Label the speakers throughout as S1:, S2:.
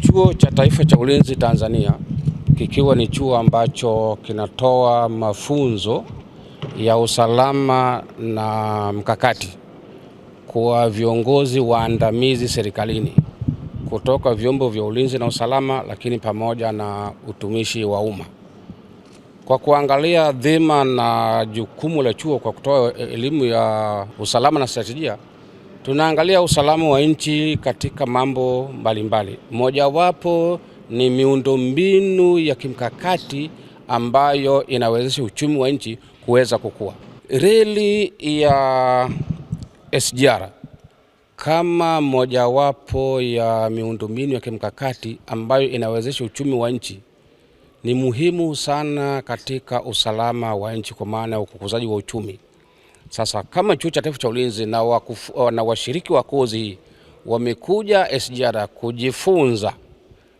S1: Chuo cha Taifa cha Ulinzi Tanzania kikiwa ni chuo ambacho kinatoa mafunzo ya usalama na mkakati kwa viongozi waandamizi serikalini kutoka vyombo vya ulinzi na usalama, lakini pamoja na utumishi wa umma. Kwa kuangalia dhima na jukumu la chuo kwa kutoa elimu ya usalama na stratejia Tunaangalia usalama wa nchi katika mambo mbalimbali, mojawapo ni miundombinu ya kimkakati ambayo inawezesha uchumi wa nchi kuweza kukua. Reli ya SGR kama mojawapo ya miundombinu ya kimkakati ambayo inawezesha uchumi wa nchi ni muhimu sana katika usalama wa nchi, kwa maana ya ukuzaji wa uchumi. Sasa kama Chuo cha Taifa cha Ulinzi na, wakufu, eh, na washiriki wa kozi hii wamekuja SGR kujifunza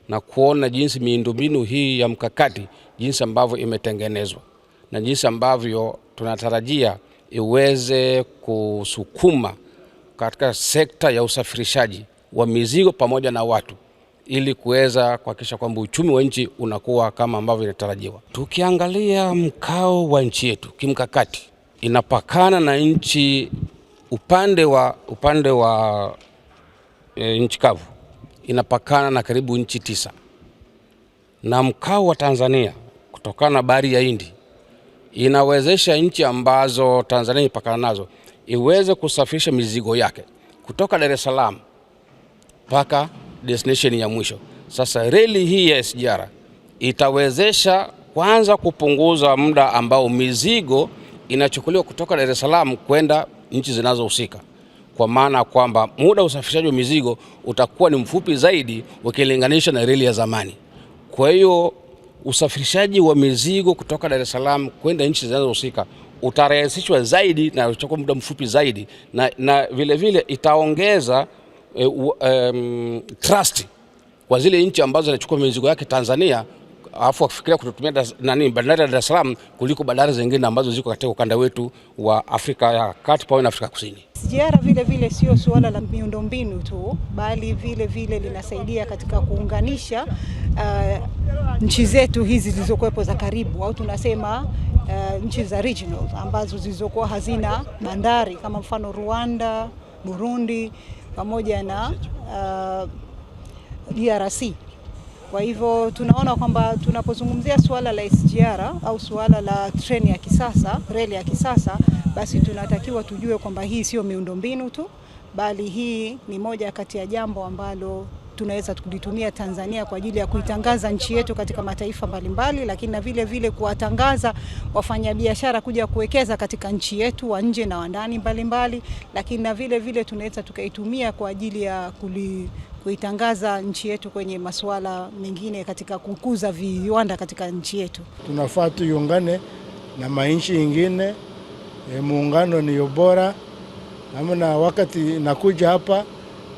S1: na kuona jinsi miundombinu hii ya mkakati jinsi ambavyo imetengenezwa na jinsi ambavyo tunatarajia iweze kusukuma katika sekta ya usafirishaji wa mizigo pamoja na watu ili kuweza kuhakikisha kwamba uchumi wa nchi unakuwa kama ambavyo inatarajiwa. Tukiangalia mkao wa nchi yetu kimkakati inapakana na nchi upande wa, upande wa e, nchi kavu inapakana na karibu nchi tisa, na mkao wa Tanzania kutokana na bahari ya Hindi inawezesha nchi ambazo Tanzania inapakana nazo iweze kusafirisha mizigo yake kutoka Dar es Salaam mpaka destination ya mwisho. Sasa reli hii ya SGR itawezesha kwanza kupunguza muda ambao mizigo inachukuliwa kutoka Dar es Salaam kwenda nchi zinazohusika, kwa maana kwamba muda wa usafirishaji wa mizigo utakuwa ni mfupi zaidi ukilinganisha na reli ya zamani. Kwa hiyo usafirishaji wa mizigo kutoka Dar es Salaam kwenda nchi zinazohusika utarahisishwa zaidi na utachukua muda mfupi zaidi, na, na vilevile itaongeza e, um, trust kwa zile nchi ambazo zinachukua mizigo yake Tanzania alafu wakifikiria kututumia nani bandari ya Dar es Salaam kuliko bandari zingine ambazo ziko katika ukanda wetu wa Afrika ya Kati pamoja na Afrika Kusini.
S2: SGR vile vile sio suala la miundombinu tu, bali vile vile linasaidia katika kuunganisha uh, nchi zetu hizi zilizokuwepo za karibu au tunasema uh, nchi za regional ambazo zilizokuwa hazina bandari kama mfano Rwanda, Burundi pamoja na uh, DRC. Kwa hivyo tunaona kwamba tunapozungumzia suala la SGR au suala la treni ya kisasa, reli ya kisasa, basi tunatakiwa tujue kwamba hii sio miundombinu tu, bali hii ni moja kati ya jambo ambalo tunaweza kulitumia Tanzania kwa ajili ya kuitangaza nchi yetu katika mataifa mbalimbali, lakini na vile vile kuwatangaza wafanyabiashara kuja kuwekeza katika nchi yetu wa nje na wa ndani mbalimbali, lakini na vile vile tunaweza tukaitumia kwa ajili ya kuli kuitangaza nchi yetu kwenye masuala mengine, katika kukuza viwanda katika nchi yetu.
S3: Tunafaa tuungane na mainchi ingine, e, muungano ni bora namna. Wakati nakuja hapa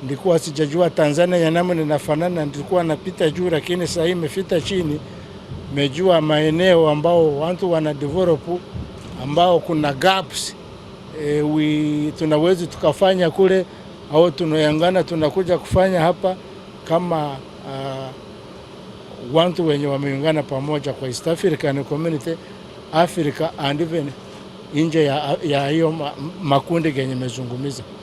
S3: ndikuwa sijajua Tanzania ya namna inafanana, ndikuwa napita juu, lakini sasa hii imefita chini. Mejua maeneo ambao watu wana develop ambao kuna gaps e, tunawezi tukafanya kule au tunaoyangana tunakuja kufanya hapa kama uh, watu wenye wameungana pamoja kwa East African Community Africa and even nje ya hiyo makundi yenye mezungumiza.